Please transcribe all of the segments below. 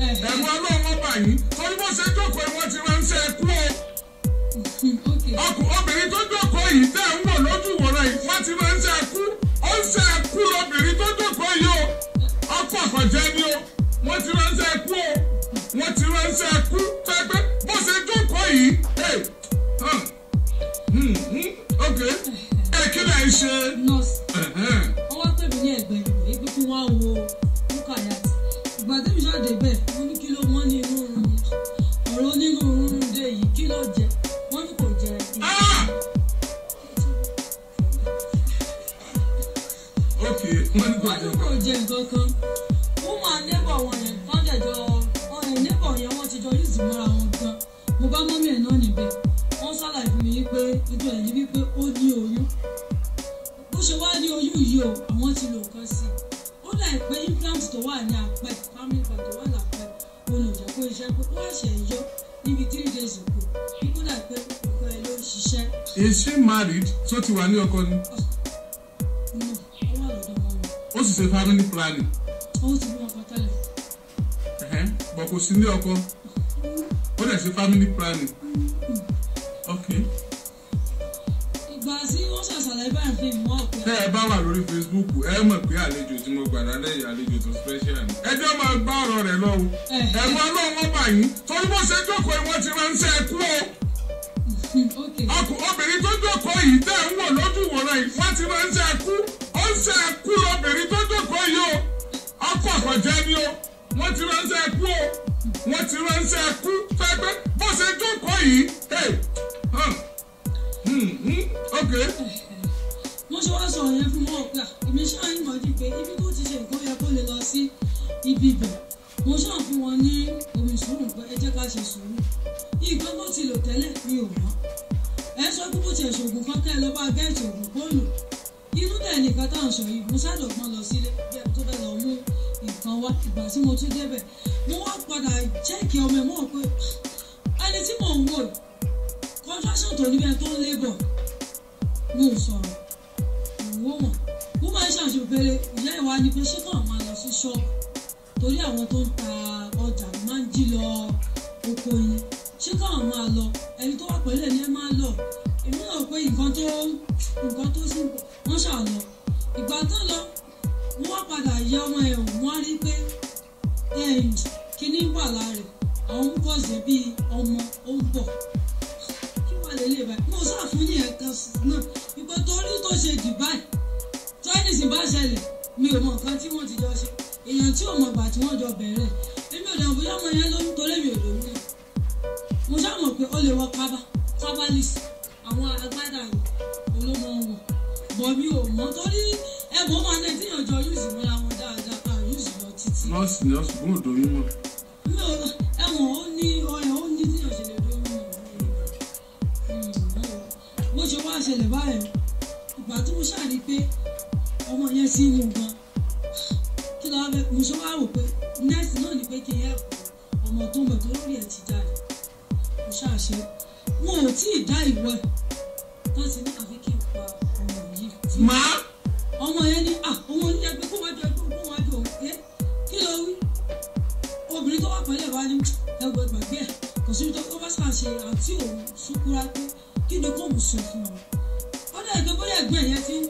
ẹ̀rù ọlọ́wọ́ báyìí torí ṣe jókòó wọn ti ránṣẹ́ ẹkú o obìnrin tó jókòó yìí tẹ́ ń wò lójú wòran yìí wọ́n ti ránṣẹ́ ẹkú ó ń ṣe ẹkú lóbìnrin tó jókòó yìí o ọkọ àkànjẹ ni o wọ́n ti ránṣẹ́ ẹkú o wọ́n ti ránṣẹ́ ẹkú tó ẹgbẹ́ bó ṣe jókòó yìí hmm, hmm, ẹ kí lẹ ń ṣe. ọwọ́ pẹ̀lú ní ẹ̀gbẹ́ ìwé pé kí wọ́n á wo lukayat ìgbà tí mi ṣáà dé bẹ́ẹ̀. kankan woman neighbor wọn yẹn tán dẹ̀jọ́ neighbor yẹn wọ́n ti jọ yíṣù mọ́ra wọn gan mo bá mọ́mí ẹ̀ náà níbẹ̀ wọ́n ṣàlàyé fún mi wípé ojú ẹ̀ ní wípé ó ní oyún bó ṣe wá ní oyún yìí o àwọn ti lò kan sí i ó dà pé implant tó wà ní àpẹ family plan tó wà lápẹ olùjẹ́ kó iṣẹ́ pé ó ṣẹ̀ yọ níbi three days ago kó dà pé ọkọ ẹ ló ń ṣiṣẹ́. is she married tó ti wà ní ọkọ ni ṣe family planning. ó ti ní Uh-huh. But kò sí ní ọkọ ó dẹ̀ ṣe family planning. Mm. Okay. ìgbà tí wọ́n ṣàṣàlẹ̀ bá ń fi mọ́ ọ̀pẹ. tẹ́ ẹ bá wà lórí Facebook ẹ mọ̀ pé àlejò tí mo gbà lálẹ́ yìí àlejò tó special ni. ẹ jọ́ máa gbá ọ̀rọ̀ rẹ̀ lọ́wọ́ ẹ̀gbọ́n náà wọ́n bà yín torí bó ṣe jókòó ìwọ́n ti ránṣẹ́ ẹ̀kú o obìnrin tó jókòó yìí tẹ́ ń wò lójú wòran yìí wọ́n ti máa ń ṣe ẹkú ó ń ṣe ẹkú lóbìnrin tó ọkọ̀ àkọ̀jẹ́ ni o wọ́n ti ránṣẹ́ ẹkú o wọ́n ti ránṣẹ́ ẹkú pẹ́pẹ́ bó ṣe jókòó yìí ok. wọ́n ṣe wá sọ yẹn fún mọ́ ọ̀pá èmi ṣáà ń mọ̀ ní pé ibi tó ti ṣe nǹkan yẹ kó lè lọ sí ibi ibẹ̀ mo ṣáà fún wọn ní omi sùúrù pé ẹ jẹ́ ká ṣe sùúrù nǹkan tó ti lò tẹ́lẹ̀ mi ò mọ̀ ẹ sọ pé bó ti ẹ̀ ṣògùn kan kẹ́ ẹ lọ́ gẹ́ẹ̀tì ògùn kó lò inú bẹ́ẹ̀ nìkan tá à ń sọ yìí mo ṣàdọ̀gbọ́n lọ sílé bí tó bẹ́ẹ̀ kan wá ìgbà tí mo tún débẹ̀ mo wá padà jẹ́ẹ̀kì ọmọ ẹ̀ pé ah, ẹni tí mò ń wò contraction tó níbẹ̀ tó ń labour mo ń sọ̀rọ̀ òwò mọ̀ mo máa ń ṣàṣù péré ìyá ìwà ni pé ṣé kàn máa lọ sí ṣọ́ọ̀bù torí àwọn tó ń ta ọjà máa ń jí lọ oko yẹn ṣé káwọn máa lọ ẹni tó wà pẹ̀lú ẹni ẹ máa lọ èmi náà pé nǹkan tó nǹkan tó sí wọ́n ṣà ìgbà tán lọ wọ́n padà yẹ ọmọ ẹ̀ wọ́n rí pé kíní wà lára àwọn ń bọ̀ ṣe bíi ọmọ ó ń bọ̀ kí wà lélẹ̀ báyìí mo ṣàfún ní ẹ̀ka náà ìgbà torí tó ṣe Dubai Chinese bá ṣẹlẹ̀ mi ò mọ nǹkan tí wọ́n ti jọ ṣe èèyàn tí ò mọ ìgbà tí wọ́n jọ bẹ̀rẹ̀ èmi ò dàn bóyá ọmọ yẹn lóyún torí mi ò lóyún náà mo ṣàmọ̀ pé ó lè wọ kábà kábàlìsì àwọn agbádà yìí olómọ wọn bọ̀ mi ò mọ torí ẹ bò wọn náà tíyàn yóò sì múra wọn dáadáa pa yóò sì lọ títí. nọ́ọ̀sì nọ́ọ̀sì fún òdò yín mọ̀. ẹ̀wọ̀n ó ní ọ̀rẹ́ ó ní tíyàn ṣe lè dó mí bó ṣe wá ṣẹlẹ̀ báyìí ìgbà tí mo ṣáà rí i pé ọmọ yẹn sí mu gan kí ló wá fẹ́ mo ṣe wá rò pé nẹ́ẹ̀sì náà ní pé kí n ọmọ tó mọ̀ tó lórí ẹ̀ ti jáde mo ṣáà ṣe wọn ò tí ì dá ìwọ ẹ̀ tó ti ní àfi pa ọmọ yìí. ṣe fún ọ. ó dẹ̀ tó bóyá ẹgbẹ́ yẹn ti ń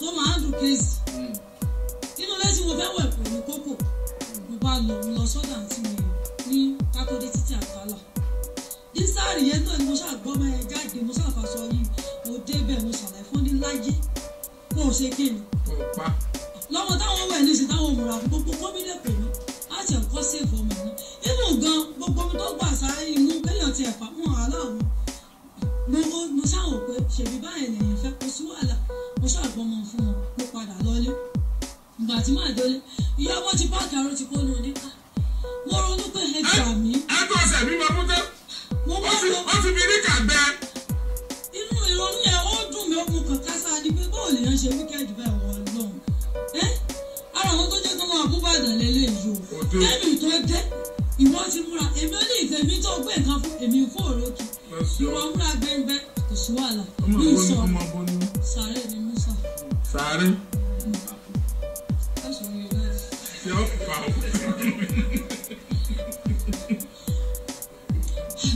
tó máa ń dùn kéèsì nínú lẹ́sìn mo fẹ́ wẹ̀ pẹ̀lú kókò mo bá lọ mo lọ sọ́dà àǹtí mi ní kákódé títí àkàlà ní sáàrì yẹn náà ni mo ṣàgbọ́ mọ́ ẹ jáde mo ṣàfàṣọ yìí mo débẹ̀ mo ṣàlàyé fún ní láyé kó o ṣe kí ni. lọ́wọ́ táwọn wẹ̀ ní ìsìn táwọn òmùra fún gbogbo gómìnà pè mí láti ẹ̀kọ́ sèfù ọmọ mi nínú gan gbogbo mi tó gbà sáré inú kéèyàn ti ẹ̀fà mọ́ aláwọ̀ mo ṣàwọn pé ṣèbí báyìí lèyìn fẹ́ kó sí wàhálà mo ṣàgbọ́mọ fún wọn mo padà lọlé ìgbà tí màá délé ìyá wọn ti páàkì aró ti kó oníkà mo ronú pé ẹ gbà mí. ẹgbẹ́ ọ̀sẹ̀ mi máa mú tẹ́ ó fi mi níkà bẹ́. inú ìrònú yẹn ó dùn mí ó mú kàkà di pé bóòlù yẹn ṣe wíkẹ́ẹ̀dì bẹ́ẹ̀ wọ́n lọ́hùn ara àwọn tó jẹ́ kí wọ́n lélẹ̀ yìí o lẹ́nu tó dé ìwọ ti múra èmi ò ní ìfẹ́ mi tó gbé fún èmi fún òrókì ìwọ múra gbẹngbẹ́ kò sí wàhálà mi ì sọ sàárè ni mi sọ. sàárè. ṣé ó fà ó.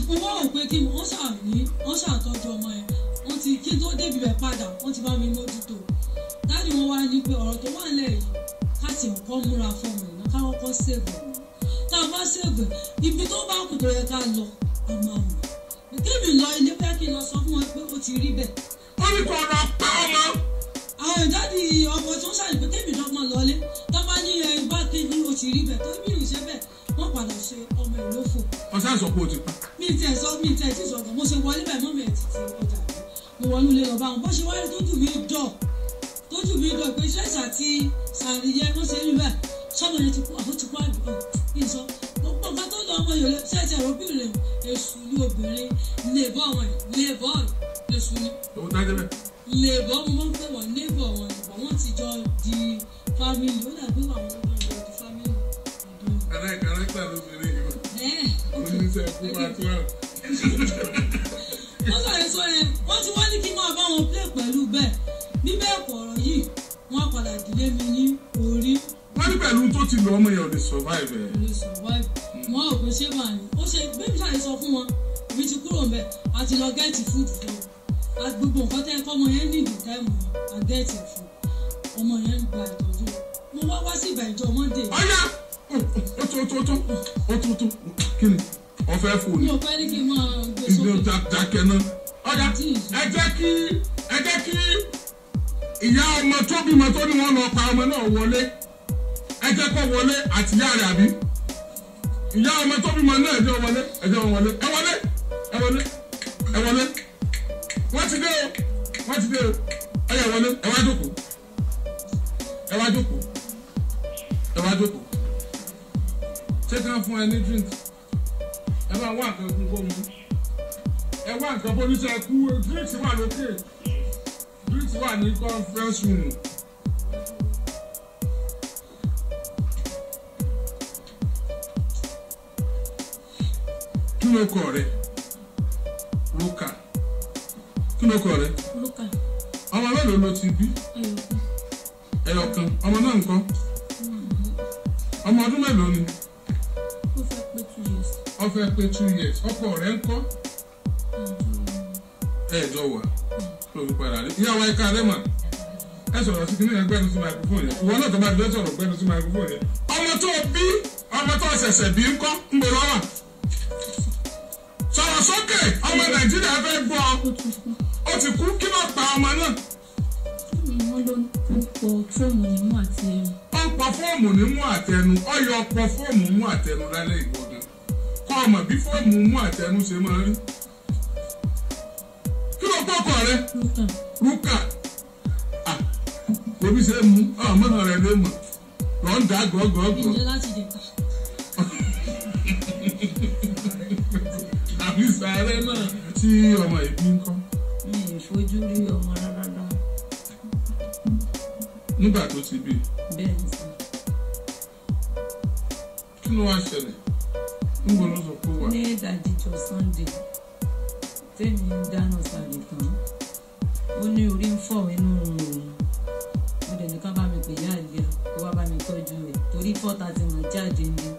mo wá rò pé kí wọ́n ṣàní wọ́n ṣàtọ́jú ọmọ yẹn wọ́n ti kí tó débi rẹ̀ padà wọ́n ti bá mi mójútó dáàdi wọn wá ní pé ọ̀rọ̀ tó wà nílẹ̀ yìí ká sì kọ́ múra fọ́ọ̀mù náà ká kọ́kọ́ ṣègùn tá a ibi tó bá kù tó ká lọ a máa mọ̀ kémi lọ ilé fẹ́ kí n lọ sọ ti rí bẹ́ẹ̀. ó ní kò lọ pa ọmọ. àwọn ìjáde ọkọ tó ṣàyẹ̀ pé kébì dọ́gbọ́n lọlé tó bá ní igbákejì ó ti rí bẹ́ẹ̀ tó bí ìṣe bẹ́ẹ̀ wọ́n padà ṣe ọmọ ìlú fò. ọ̀sán sọ pé o ti pa. mi tiẹ̀ sọ mi tiẹ̀ ti sọ̀tàn mo ṣe wọlé bẹ́ẹ̀ mọ́ mi ẹ̀ ti ti ọjà mi wọnú ilé lọ bá wọn bó ṣe wáyé tó jù mí dọ̀ tó jù mí dọ̀ pé ṣẹ́ṣà ti sàríyẹ wọ́n ṣe rí bẹ́ẹ̀ sọ́mọ yẹn ti kú àwọn ti kú àdúgbò ìsọ gbogbo nǹkan tó lọ ọmọ yòó lẹ ṣẹ́ṣà rọ́bìnrin èṣù ní obìnrin lè bọ́ ọmọ yẹn lè bọ́ ọ̀rọ̀. Jésù ní. Òun tá jẹ́ bẹ́ẹ̀. Lèbọ̀ mo máa ń pè wọ́n nébọ̀ wọn ìbọ̀ wọ́n ti jọ di fámìlì ó dàbí àwọn tó ń jọ di fámìlì. Aláìka aláìka ló ti rí ìwọ. Oníṣẹ́ kú máa tó àrùn. Wọ́n sọ̀rọ̀ sọ yẹn, wọ́n ti wá ní kí wọ́n bá wọn plé pẹ̀lú bẹ́ẹ̀. Bí bẹ́ẹ̀ kọ̀ ọ̀rọ̀ yìí, wọ́n padà dílé mi ní orí. Wọ́n ní pẹ̀lú tó ti lọ ọmọ yẹn ò lè survive ẹ̀. Ò lè survive. Hmm. Wọ́n ò pèsè màá ní. Ó ṣe gbé mi ṣàlè sọ fún wọn èmi ti kúrò mbẹ a ti lọ gẹ́ẹ̀tì fúdù fún un gbogbo nǹkan tẹ́ ẹ kọ́ ọmọ yẹn ní ìlú táìmù a gẹ́ẹ̀tì fún ọmọ yẹn gba ìtọ́jú mo wá wá sí ìbàjọ́ mọ́ndé. ọ̀yà ó tó tó tó ó tó tó kí ni ọ̀fẹ́ fò ní. mi ò fẹ́ ní kí n máa gbé sókè. ìdí dákẹ́ náà ọ̀dà ẹ jẹ́ kí ẹ jẹ́ kí ìyá ọmọ tó bímọ tó ní wọn lọ pa ọmọ náà wọlé ẹ jẹ́ kó wọlé àtìyá rẹ̀ àbí ìyá ọmọ tó bímọ náà ẹ jẹ́ wọlé ẹ jẹ́ wọlé ẹ wọlé ẹ wọlé ẹ wọlé wọ́n ti dé o wọ́n ti dé o ẹ yẹ wọlé ẹ wá jókòó ẹ wá jókòó ẹ wá jókòó ṣé fún ẹ ní drink ẹ bá wá nǹkan kún kó mu ẹ wá nǹkan bó ní sọ ẹ kú drinks wà lókè drinks wà ní conference room. kí ló kọ rẹ kí ló kọ rẹ ọmọ mélòó ló ti bí ẹyọkan ọmọ náà ńkọ́ mm-hmm. ọmọ ọdún mélòó ni ó fẹ́ pé two years ọkọ rẹ ńkọ́ ẹjọ wà lórí padà rí ìyá wa ẹka rẹ mà ẹ sọ̀rọ̀ sí kí nínú ẹgbẹ́ ẹnu sí microphone yẹn ìwọ náà tó bá dúró sọ̀rọ̀ gbẹ́nu sí microphone yẹn ọmọ tó bí ọmọ tó ṣẹ̀ṣẹ̀ bí ńkọ́ ńgbèrò wà sọ̀rọ̀ sókè ọmọ nàìjíríà fẹ́ gbọ́ ó ti kú kí ló pa ọmọ náà. fóònù wọn ló ń pọ fóònù nímú àti ẹnu. ó ń pọ fóònù nímú àtẹnu ó yọ pọ fóònù mú àtẹnu lálẹ́ ìgbọ̀ngàn kọ́ ọmọ bí fóònù mú àtẹnu ṣe máa rí. kí ló kọ́ ọkọ rẹ. rúkà. rúkà obi ṣe mu ọmọ náà rẹ ló mọ lọ́n dà gọ́gọ́gọ́. ìjọ láti dè ta. àbí sàárẹ̀ náà tí ọmọ ìbí ń kọ́ fojú rí ọmọ rárá náà. nígbà tó ti bí. bẹ́ẹ̀ ni sọ. kí ló wá ṣẹlẹ̀ níbo ló sọ pé wà. ní ìdájíjọ sunday tèmi ń dáná sàlẹ̀ tán ó ní orí ń fọ̀ nínú òun mo dẹ̀ ní ká bá mi pè yá àlẹ́ kó wá bá mi tọ́jú rẹ̀ torí fọ́ta ti mọ̀ jáde ni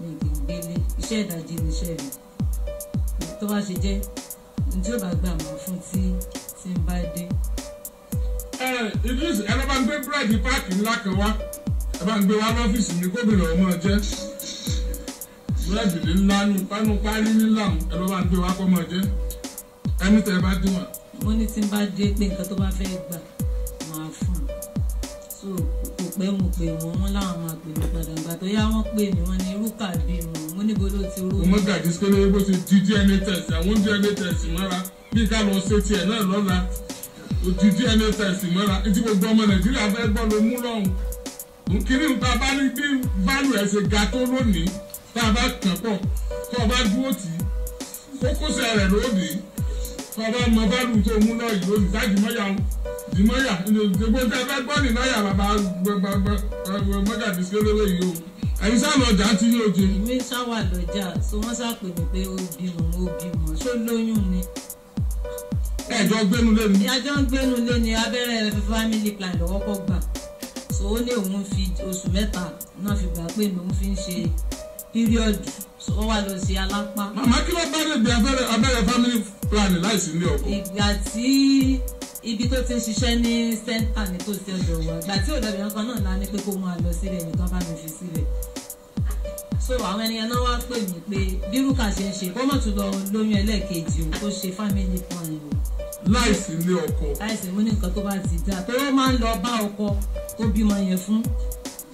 mi kì í gbélé iṣẹ́ ìdájí ni iṣẹ́ mi tó bá ṣe jẹ́ ǹjẹ́ bá gbà máa fún tí tí ń bá dé. ẹ Idris ẹ lọ bá ń gbé búrẹ́dì páàkì ńlá kan wá ẹ bá ń gbé wá lọ́fíìsì mi gómìnà ọmọ jẹ́ búrẹ́dì ńlá nu pánú páálí ńlá ẹ lọ bá ń gbé wá kọ́ ọmọ jẹ́ ẹni tẹ́ ẹ bá dé wọn. wọ́n ní tí ń bá dé pé nǹkan tó bá fẹ́ gbà pé mo pè wọ́n wọ́n láwọn máa pè mí padà gbà tó yá wọ́n pè mí wọ́n ní irú kàbí mu mo níbo ló ti rú. mo gàdí sílé bó ti di DNA test àwọn DNA test mọ́ra bí ká lọ ṣe tiẹ̀ náà lọ́la òtí DNA test mọ́ra etí gbogbo ọmọ nàìjíríà fẹ́ gbọ́ ló mú lọ́hùn nkiri nta bá ní bí value ẹ̀ ṣe ga tó lónìí tá a bá kàn pọ̀ tó o bá dúró tì í kókósẹ̀ rẹ̀ lónìí tó o bá mọ value tó mú lọ́yìn lónìí ìmọ̀yà gbogbo tẹ fẹ́ gbọ́ ní náyà bàbá mọ́jà ti ṣe lówó yìí o ẹ̀yin sá ọjà tí yóò jẹ. èmi sá wà tí wọ́n sá mí pé ó bímọ ó bímọ ṣó lóyún ni. ẹjọ gbénu lé ni. ẹjọ gbénu lé ni abẹ́rẹ́ family plan lọ́wọ́ kọ́ gbà so ó ní òun fi oṣù mẹ́ta náà fi gbà pé òun fi ń ṣe píríọ̀dù so ó wà lọ sí alápá. màmá kí ló bá dé di abẹ́rẹ́ family plan láìsí ilé ọkọ. ìgbà tí ibi tó ti ń ṣiṣẹ́ ní center ní kò sí ọ̀dọ̀ wa ìgbà tí òdòdó kan náà la ní pé kó máa lọ sílẹ̀ nìkan bá mi fi sílẹ̀ so àwọn ẹni ẹná wá pè mí pé bírúkà ṣe ń ṣe kó má tún lọ lóyún ẹlẹ́ẹ̀kejì o kó ṣe family planning o. láìsí ilé ọkọ. láìsí mú ní nǹkan tó bá ti dáa tó ó máa ń lọ bá ọkọ tó bímọ yẹn fún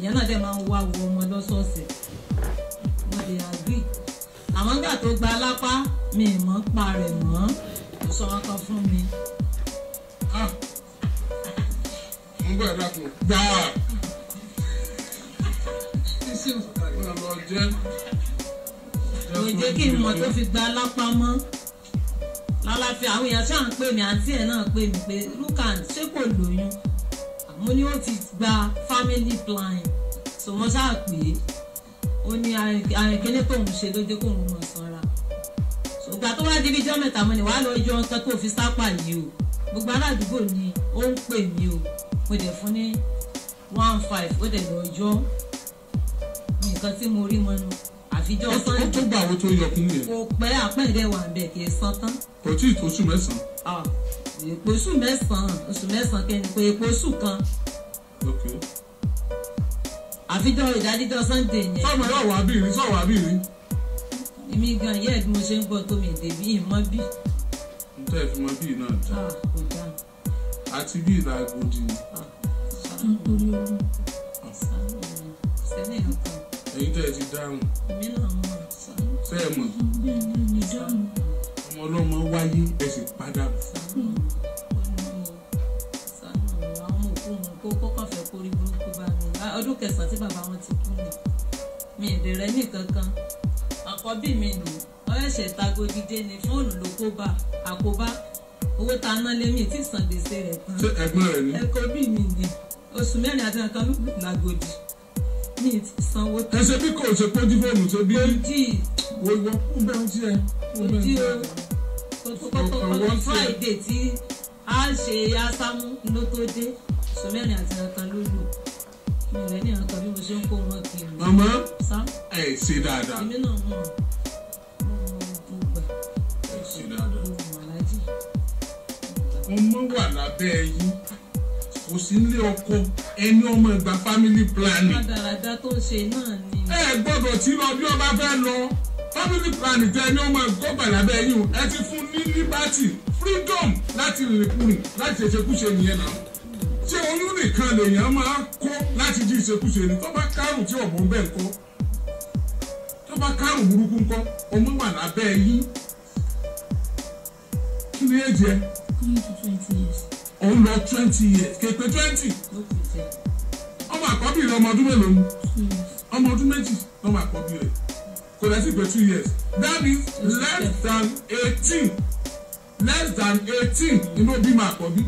ìyẹn náà dẹ̀ máa ń wá wo ọmọ lọ́sọ̀ọ̀sẹ̀ mo lè agree àmọ́ gbà tó gba lápá mi ì mọ́ pa rẹ̀ mọ́ kò sọ wọn kan fún mi ń bẹ̀ dákun gbáà ọ̀rọ̀ jẹ́ kò jẹ́ kí n mọ̀ tó fi gba lápá mọ́ lálàáfíà àwọn èèyàn ṣáà ń pè mí àǹtí ẹ̀ náà pè mí pé lukan ṣé kò lóyún àmọ́ ni ó ti gba family planning so wọ́n ṣáà pè é ó ní àrìnkíní tóun ṣe lójú kóun mọ̀ sanra ṣùgbọ́n tó wá di bíjọ́ mẹ́ta mo ní wàá lọ yọ ọkàn tó fi sápà yìí o gbogbo aládùúgbò ni ó ń pè mí o mo dẹ̀ fún ní one five ó dẹ̀ lọ́jọ́ nǹkan tí mo rí mọ́nu àfijọ́ sunday. ó tó gbà owó tó yọ fún mi. kò pẹ́ àpẹ́ẹ̀dẹ̀ wà ń bẹ̀ kì í san tán. kò tí ì tó oṣù mẹ́sàn-án. èpo oṣù mẹ́sàn-án oṣù mẹ́sàn-án kẹ́ni kò èpo oṣù kan. àfijọ́ ìdájíjọ́ sunday yẹn. sọ̀rọ̀ yóò wá bìrì sọ̀rọ̀ wá bìrì. èmi gan yẹ́ẹ̀ mo ṣe ń gbọ́ tó mi dèbí ìmọ̀ bí. n tẹ́ ẹ bí náà já àti bí ìlà ìgbòdì ni. ẹ̀yin tẹ́ ẹ ti dáhùn tẹ́ ẹ mọ̀ ọmọ ọlọ́mọ wáyé ẹ sì padà. ọdún kẹsàn-án tí bàbá wọn ti kú ni mi ìdèrè nìkankan àkọ́bí mi nù ọ̀ẹ́sẹ̀ tagodi dé ni fóònù ló kó bá àkóbá owó tá a ná lé mi tí san gbèsè rẹ̀ tán. ṣé ẹ̀gbọ́n rẹ̀ ni. ẹ̀kọ́ bí mi ni oṣù mẹ́rin àti nǹkan làgòdì mi ti sanwó tán. ẹ ṣe bí kò ṣe pójú fóònù tó bí. ojí. wo ìwọ kú bẹ́ẹ̀ ń tiẹ̀. ojí o kótókótó friday tí a ṣe asámú ló tó dé oṣù mẹ́rin àti nǹkan ló lò mi rẹ̀ ní nǹkan bí mo ṣe ń kó wọn kiri. màmá ẹ ṣe dáadáa. èmi náà mọ̀. ọmọ wà lábẹ́ ẹyin kò sí nílé ọkọ ẹni ọmọ ìgbà family planning. rádaràda tó ń ṣe náà ni. ẹ gbọ́dọ̀ tí lọ bí ọba fẹ́ lọ family planning tẹ ẹni ọmọ ẹ̀kọ́ gbà lábẹ́ ẹyin ẹ ti fún ní liberty freedom láti rìnrìnkùnrin láti ṣèṣekúṣe nìyẹn náà ṣé oyún nìkan lèèyàn máa kó láti jí ìṣekúṣe ni tó bá kárùn tí ọ̀bọ̀n bẹ́ẹ̀ kọ́ tó bá kárùn burúkú ńkọ́ ọmọ wà lábẹ́ ẹyin kí ni ẹ jẹ fifteen to twenty years. ó ń twenty years képe twenty. ọmọ àkọ́bí rẹ ọmọ ọdún mélòó ni ọmọ ọdún méjì lọ́mọ àkọ́bí rẹ kò lẹ́sìn pé two years that is less than eighteen less than eighteen inú òbí máa àkọ́bí.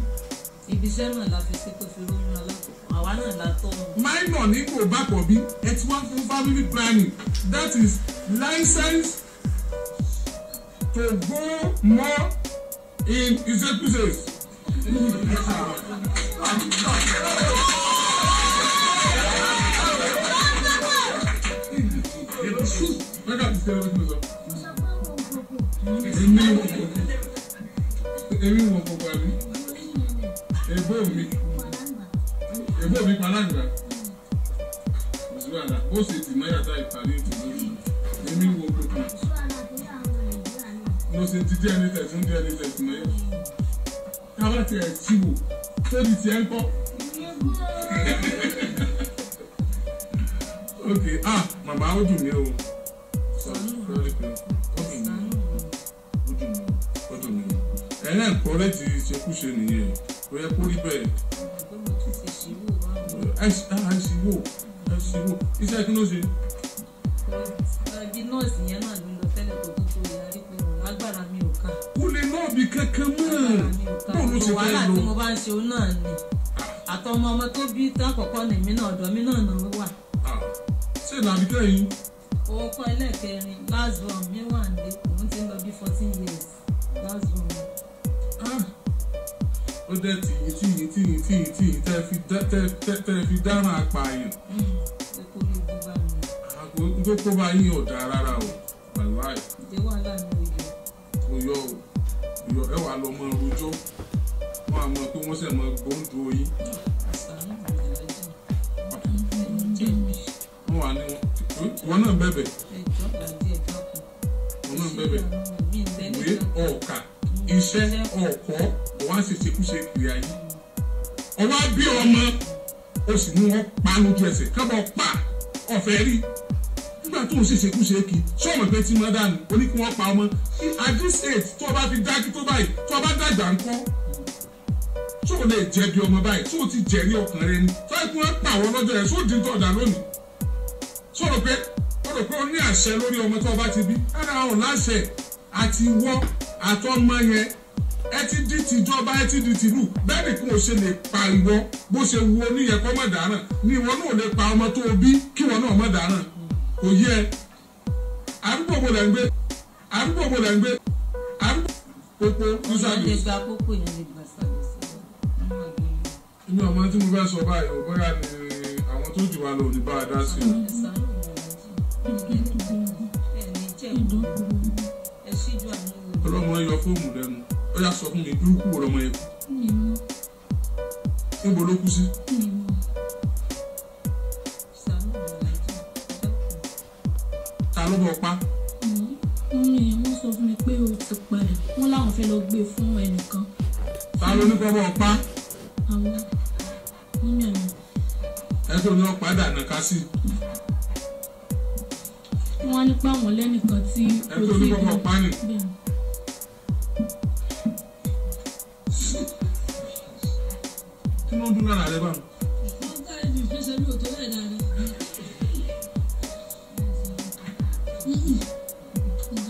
ibiṣẹ́ náà la fi sí kó fi lóyún alákòókò àwa náà la tọ́ ọ. minor ní kò bá àkọ́bí ẹ ti wá fún family planning that is license to go more in Use Èmi wọn kọ̀ọ̀kan mi, ẹ̀gbọ́n mi, ẹ̀gbọ́n mi pa lágbàá. ti DNA test ń DNA test mọ́ yẹn tábà tẹ̀ tí wò tóbi tiẹ̀ ń kọ́. ok ah màmá ó dùn mí o sorry pé ó dùn mí ó dùn mí ó dùn mí ẹ̀rẹ́ ẹ̀kọ́ rẹ̀ ti ṣekúṣe nìyẹn kò yẹ kó rí bẹ́ẹ̀. ẹ ṣì ah, wò ẹ ṣì wò iṣẹ́ kí ló ṣe. di nọ́ọ̀sì yẹn náà ni. kankan mọ́ bó ló ṣe fẹ́ lò. wàhálà tí mo bá ń ṣe òun náà ni àtọmọ ọmọ tó bí tán kọ̀kọ́ nìmí náà ọ̀dọ̀ mi náà náà wà. Ah, ṣé ìlànà kẹ́yìn. orúkọ ẹlẹ́kẹrin last born mi wà ń òun ti ń lọ bí fourteen years last born ah, ó dẹ́ tìyín tìyín tìyín tìyín tìyín tẹ́ fi dáràn apààyàn. àgbo mm, tó ah, bá yín ò rárá. bẹ̀rẹ̀ ìwé ọ̀ọ̀ka iṣẹ́ ọ̀ọ̀kọ́ ọ̀wá ṣèṣe kúṣe kiri ayé ọ̀wá bí ọmọ o sì ní wọ́n pa lójú ẹsẹ̀ kábọ̀ pa ọ̀fẹ́ rí nígbà tó ń ṣèṣe kúṣe kí sọ́ọ̀mù pé tí wọ́n dànù ó ní kí wọ́n pa ọmọ at this age tó o bá fi dájú tó báyìí tó o bá dàgbà ńkọ́ tó o lè jẹ̀bi ọmọ báyìí tó o ti jẹ̀rí ọkàn rẹ ni tó o kí wọ́n pa àwọn ọlọ́jọ́ yẹn sóò dín tọ̀dà lónìí sọ̀rọ̀ pé pé ó ní àṣẹ lórí ọmọ tó bá ti bí ara ò láṣẹ àti wọ́ àtọ́mọ yẹn ẹ ti di tìjọba ẹ ti di tìlú bẹ́ẹ̀ nìkan ò ṣe lè pa ìwọ bó ṣe wu oníyẹ kọ́ mọ̀ dáràn ni ìwọ náà lè pa ọmọ tó bí kí ìwọ náà mọ̀ dáràn kò yẹ àdúgbò wo lẹ́ ń gbé àdúgbò wo lẹ́ ń gbé àdúgbò pópó ọ̀sàdùn. inú ọmọ tí mo fẹ́ sọ báyìí ò bóyá ni àwọn tó jù wá lọ ò ní bá a dá sí i ọlọ́mọ yọ fóònù lẹ́nu ó yà sọ fún mi irúkú wo lọmọ yẹn kú níbo ló kú sí. ta ló bọ̀ pa. mọ́mí wọ́n sọ fún mi pé o ti padà wọ́n láwọn fẹ́ lọ gbé fún ẹnìkan. ta ló ní kọ́ bọ̀ pa. àwọn mọ́mí àwọn. ẹ tó ní ọ̀pá dànù ká sí i wọ́n á ní pa àwọn lẹ́nìkan tí kò sí ìwọ. kí ló dún lára rẹ báwọn. mi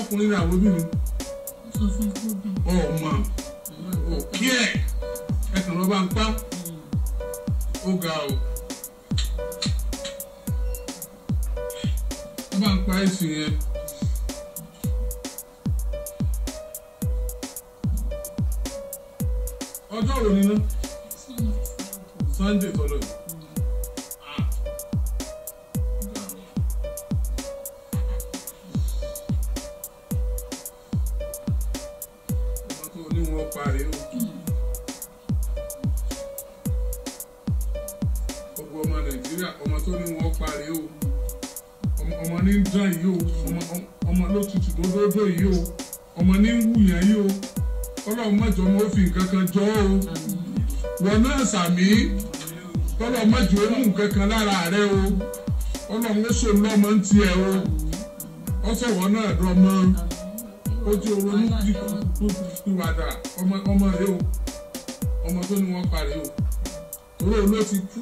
ọkùnrin rẹ àwọn obìnrin. sọ fún ikú ẹ kàn lọ bá ń pa. I'm bá ń pa wù yẹn yìí o ọlọ́run mọ̀jọ́ mo fi nǹkan kan jọ o wọn náà sàmí ọlọ́run mọ̀jọ́ ó mú nǹkan kan lára rẹ o ọlọ́run ó sọ lọ́mọ ń tiẹ̀ o ọsọ wọn náà dọ́mọ ojú oronú ìwàdà ọmọ rẹ o ọmọ tó ní wọn parí o torí olóò ti kú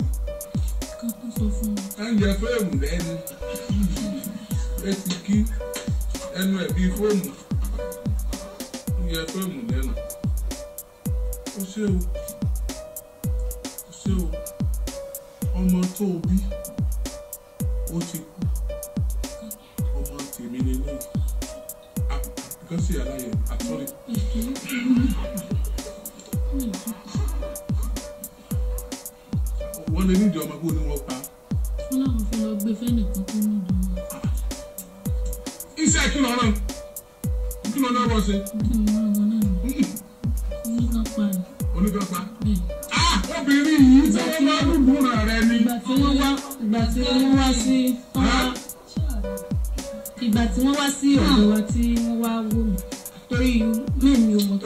ẹ ń yẹ fóònù lẹ́nu ẹ ti kí ẹnu ẹ̀ bíi fóònù jẹ fíìmù lẹ́nu ó ṣe o ó ṣe o ọmọ tó o bí ó ti kú ọmọ tèmi lélẹ́yìn àbíkọ́sí aláyẹ àtọ́rí. wọ́n lè nídìí ọmọ gbóni wọn pa. wọ́n láwọn fẹ́ lọ gbé fẹ́nìkan tó ní ìdúró. iṣẹ́ kí lọ́rùn sọ náà wọ́n ṣe. onígbàpá obìnrin yìí tí wọ́n máa ń dùn rẹ̀ ni. ìgbà tí wọ́n wá sí ah. ìgbà tí wọ́n wá sí ọ̀dọ̀ wa tí wọ́n wá wò mí torí mẹ́mi ò mọ̀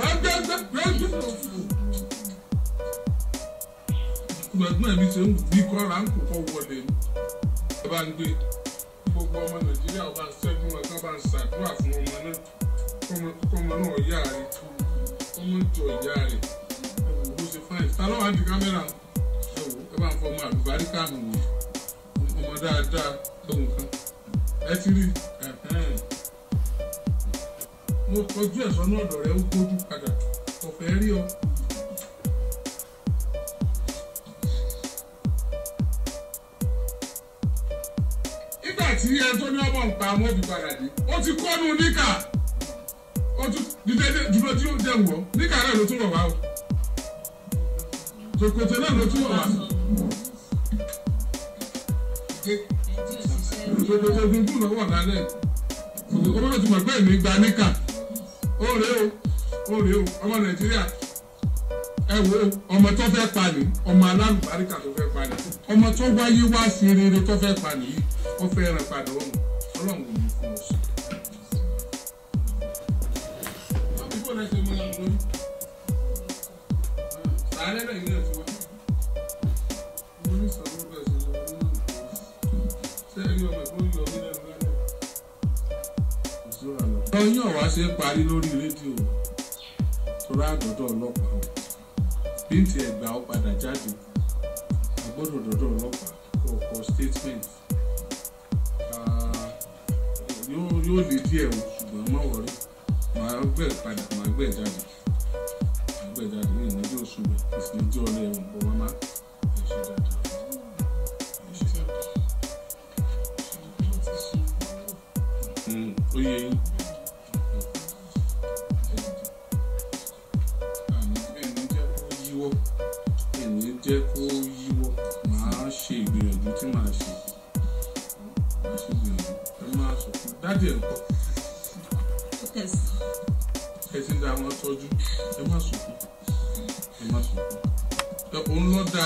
gbàgbọ́n mi ṣe ń bí kọ́ra ń kókó wọlé ni ẹ ń gbé gbogbo ọmọ Nàìjíríà ọba ṣẹ́gun ẹ̀ka bá ń ṣàdúrà fún ọmọ náà kọ́mọ náà yá rẹ̀ ọmọ jọ ìyá rẹ̀ ẹ̀wò bó ṣe fáyìn ta àti kámẹ́rà ẹ bá ń fọ ọmọ àlùbáríkà mi ọmọ dáadáa ẹ̀wò kan ẹ ti rí mo kọjú ẹ̀sọ́ náà ọ̀dọ̀ rẹ̀ ó gbójú padà ọ̀fẹ́ rí ọ. nígbà tí ẹjọ́ ní ọmọ nǹkan amọ́jú padà dé ó ti kọ́nu níkà ó tún dídé dúró tí ó jẹ wọ ní kàrẹ́ ló tún wọ̀ wá o ṣòkòtò náà ló tún wọ̀ wá. ṣòkòtò gungun lọ́wọ́ lálẹ́ ṣòkòtò bọ́lá tún mọ̀ pé èmi gba níkà ó rèé o ó rèé o ọmọ Nàìjíríà ẹ wo ọmọ tó fẹ́ pa ni ọmọ alálùbáríkà tó fẹ́ pa ni ọmọ tó wáyé wá sí rere tó fẹ́ pa nìyí ó fẹ́ ràn padà ọ̀hún ọlọ́run lẹ́sẹ̀ mọ́ lọ́wọ́ lórí. Sàárẹ̀ náà ilé ẹ̀fọ́. Mo ní sàmú bẹ́ẹ̀ ọ̀wá ṣe parí lórí rédíò. Torá àdọ́dọ̀ ọlọ́pàá o. Bíntì ẹ̀gbà ó padà jáde. Àgbọ̀dọ̀ dọ́dọ̀ ọlọ́pàá kò kọ statement. Yóò lè díẹ̀ o, ṣùgbọ́n má wọrí màá gbé ẹ̀ padà gbé ẹ̀ jáde gbé ẹ̀ ní ìmọ̀jú òṣùwẹ̀ kò sì ní jẹ́ ọlẹ́ ẹ̀wọ̀n bọ́ ẹ̀ ṣe dáadáa.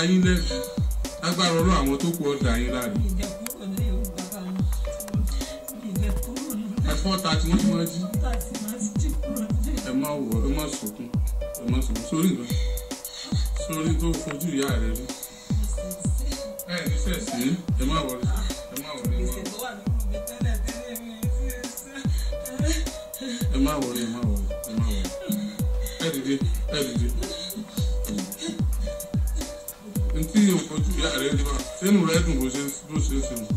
yín lẹ́bi lágbára ọlọ́ àwọn tó kù ọ̀dà yín láàrin. ẹ̀fọ́ ta tí wọ́n ti máa jí ẹ má wọ̀ ẹ má sọkún ẹ má sọkún sórí nǹkan sórí tó fojú ìyá rẹ rí ẹ ní sẹ̀sì ẹ má wọlé ẹ má wọlé ẹ má wọlé ẹ má wọlé ẹ má wọlé ẹ dìde ẹ dìde. ojú ìyá rẹ ti máa sínú rẹ dùn bó ṣe ń sinmi.